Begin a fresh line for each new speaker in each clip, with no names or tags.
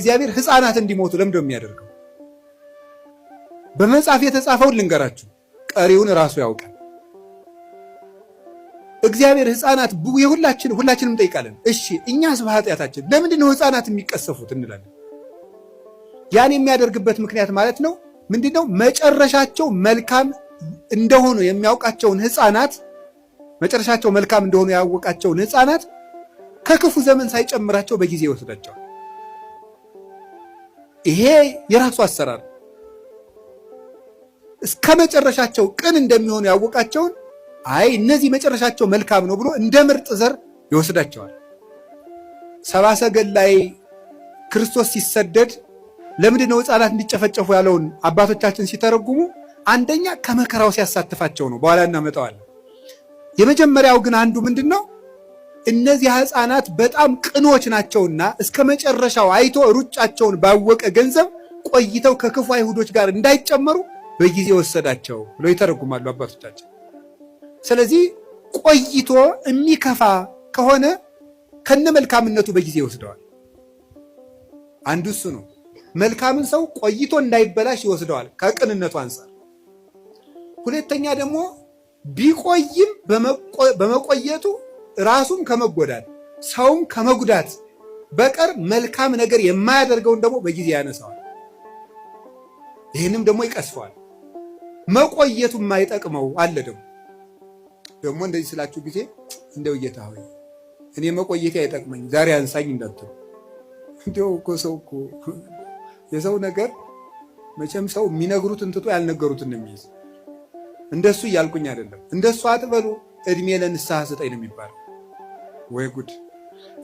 እግዚአብሔር ሕፃናት እንዲሞቱ ለምደው የሚያደርገው በመጽሐፍ የተጻፈውን ልንገራችሁ፣ ቀሪውን ራሱ ያውቃል። እግዚአብሔር ሕፃናት የሁላችን ሁላችንም እንጠይቃለን። እሺ እኛስ በኃጢአታችን ለምንድን ነው ሕፃናት የሚቀሰፉት እንላለን። ያን የሚያደርግበት ምክንያት ማለት ነው ምንድን ነው መጨረሻቸው መልካም እንደሆኑ የሚያውቃቸውን ሕፃናት መጨረሻቸው መልካም እንደሆኑ ያወቃቸውን ሕፃናት ከክፉ ዘመን ሳይጨምራቸው በጊዜ ይወስዳቸዋል። ይሄ የራሱ አሰራር እስከ መጨረሻቸው ቅን እንደሚሆኑ ያወቃቸውን አይ እነዚህ መጨረሻቸው መልካም ነው ብሎ እንደ ምርጥ ዘር ይወስዳቸዋል። ሰብአ ሰገል ላይ ክርስቶስ ሲሰደድ ለምንድነው ነው ሕፃናት እንዲጨፈጨፉ ያለውን አባቶቻችን ሲተረጉሙ አንደኛ ከመከራው ሲያሳትፋቸው ነው። በኋላ እናመጣዋለን። የመጀመሪያው ግን አንዱ ምንድን ነው እነዚያ ሕፃናት በጣም ቅኖች ናቸውና እስከ መጨረሻው አይቶ ሩጫቸውን ባወቀ ገንዘብ ቆይተው ከክፉ አይሁዶች ጋር እንዳይጨመሩ በጊዜ ወሰዳቸው ብሎ ይተረጉማሉ አባቶቻችን። ስለዚህ ቆይቶ የሚከፋ ከሆነ ከነ መልካምነቱ በጊዜ ይወስደዋል። አንዱ እሱ ነው። መልካምን ሰው ቆይቶ እንዳይበላሽ ይወስደዋል ከቅንነቱ አንፃር። ሁለተኛ ደግሞ ቢቆይም በመቆየቱ ራሱን ከመጎዳት ሰውን ከመጉዳት በቀር መልካም ነገር የማያደርገውን ደግሞ በጊዜ ያነሳዋል። ይህንም ደግሞ ይቀስፈዋል። መቆየቱ የማይጠቅመው አለ። ደግሞ ደግሞ እንደዚህ ስላችሁ ጊዜ እንደው ጌታ ሆይ እኔ መቆየቴ አይጠቅመኝ ዛሬ አንሳኝ እንዳትሉ። እንዲያው እኮ ሰው እኮ የሰው ነገር መቼም ሰው የሚነግሩትን ትቶ ያልነገሩትን የሚይዝ እንደሱ እያልኩኝ አይደለም። እንደሱ አትበሉ። እድሜ ለንስሐ ስጠኝ ነው የሚባለው። ወይ ጉድ!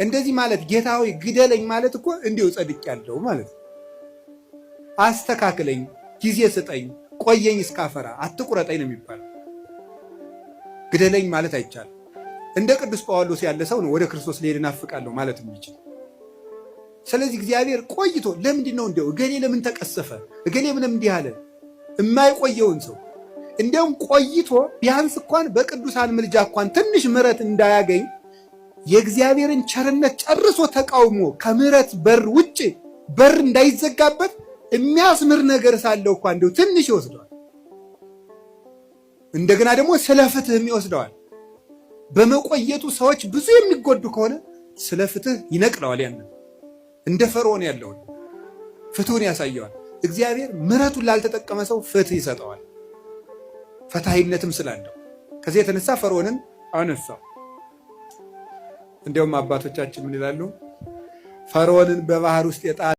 እንደዚህ ማለት ጌታ ሆይ ግደለኝ ማለት እኮ እንዲሁ ጸድቅ ያለው ማለት አስተካክለኝ፣ ጊዜ ስጠኝ፣ ቆየኝ እስካፈራ አትቁረጠኝ ነው የሚባለው። ግደለኝ ማለት አይቻልም። እንደ ቅዱስ ጳውሎስ ያለ ሰው ነው ወደ ክርስቶስ ሊሄድ እናፍቃለሁ ማለት የሚችል። ስለዚህ እግዚአብሔር ቆይቶ ለምንድን ነው እንዲያው እገሌ ለምን ተቀሰፈ፣ እገሌ ምንም እንዲህ አለ የማይቆየውን ሰው እንዲያውም ቆይቶ ቢያንስ እንኳን በቅዱሳን ምልጃ እንኳን ትንሽ ምሕረት እንዳያገኝ የእግዚአብሔርን ቸርነት ጨርሶ ተቃውሞ ከምሕረት በር ውጭ በር እንዳይዘጋበት የሚያስምር ነገር ሳለው እኳ እንደው ትንሽ ይወስደዋል። እንደገና ደግሞ ስለ ፍትህም ይወስደዋል። በመቆየቱ ሰዎች ብዙ የሚጎዱ ከሆነ ስለ ፍትህ ይነቅለዋል። ያንን እንደ ፈርዖን ያለውን ፍትሁን ያሳየዋል። እግዚአብሔር ምሕረቱን ላልተጠቀመ ሰው ፍትህ ይሰጠዋል፣ ፈታሂነትም ስላለው ከዚህ የተነሳ ፈርዖንን አነሳው። እንዲያውም አባቶቻችን ምን ይላሉ? ፈርዖንን በባህር ውስጥ የጣለ